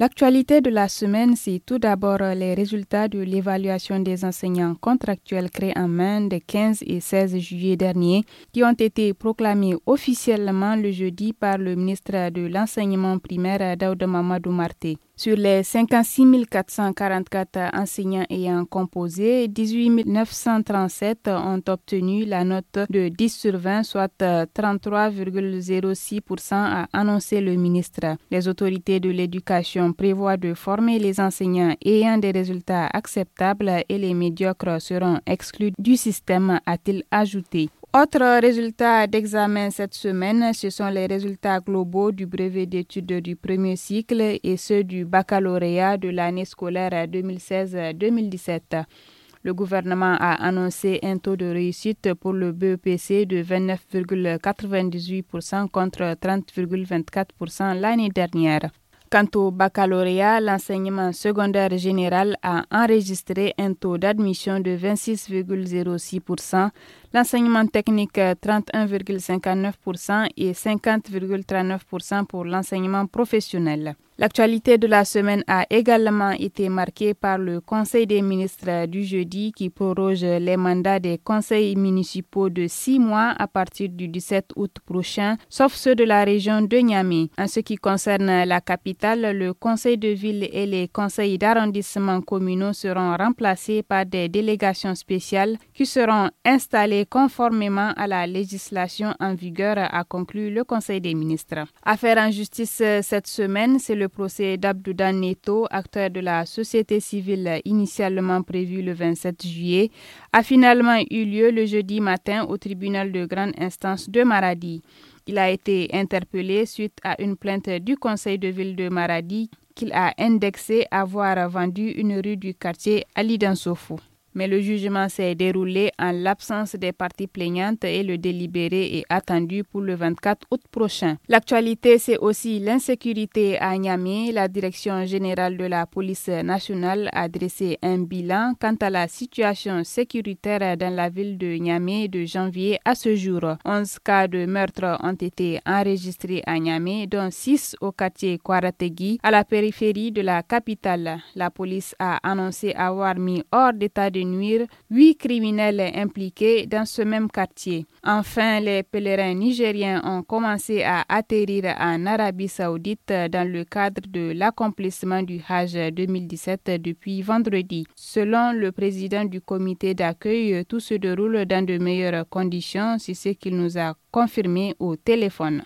L'actualité de la semaine, c'est tout d'abord euh, les résultats de l'évaluation des enseignants contractuels créés en main des 15 et 16 juillet dernier, qui ont été proclamés officiellement le jeudi par le ministre de l'Enseignement primaire Daoud Mamadou Marté. Sur les 56 444 enseignants ayant composé, 18 937 ont obtenu la note de 10 sur 20, soit 33,06%, euh, a annoncé le ministre. Les autorités de l'éducation prévoient de former les enseignants ayant des résultats acceptables et les médiocres seront exclus du système, a-t-il ajouté. Autre résultat d'examen cette semaine, ce sont les résultats globaux du brevet d'études du premier cycle et ceux du baccalauréat de l'année scolaire 2016-2017. Le gouvernement a annoncé un taux de réussite pour le BEPC de 29,98% contre 30,24% l'année dernière. Quant au baccalauréat, l'enseignement secondaire général a enregistré un taux d'admission de 26,06%, l'enseignement technique 31,59% euh, et 50,39% pour l'enseignement professionnel. L'actualité de la semaine a également été marquée par le Conseil des ministres euh, du jeudi qui proroge les mandats des conseils municipaux de six mois à partir du 17 août prochain, sauf ceux de la région de Niamey. En ce qui concerne la capitale, le Conseil de ville et les conseils d'arrondissement communaux seront remplacés par des délégations spéciales qui seront installées et conformément à la législation en vigueur, a conclu le Conseil des ministres. Affaire en justice euh, cette semaine, c'est le procès d'Abdoudan Neto, acteur de la société civile initialement prévu le 27 juillet, a finalement eu lieu le jeudi matin au tribunal de grande instance de Maradi. Il a été interpellé suite à une plainte du Conseil de ville de Maradi qu'il a indexé avoir vendu une rue du quartier Ali mais le jugement s'est déroulé en l'absence des parties plaignantes et le délibéré est attendu pour le 24 août prochain. L'actualité, c'est aussi l'insécurité à Niamey. La direction générale de la police nationale a dressé un bilan quant à la situation sécuritaire dans la ville de Niamey de janvier à ce jour. 11 cas de meurtres ont été enregistrés à Niamey, dont 6 au quartier Kwarategi, à la périphérie de la capitale. La police a annoncé avoir mis hors d'état de nuire, huit criminels impliqués dans ce même quartier. Enfin, les pèlerins nigériens ont commencé à atterrir en Arabie saoudite dans le cadre de l'accomplissement du Hajj 2017 depuis vendredi. Selon le président du comité d'accueil, tout se déroule dans de meilleures conditions, c'est ce qu'il nous a confirmé au téléphone.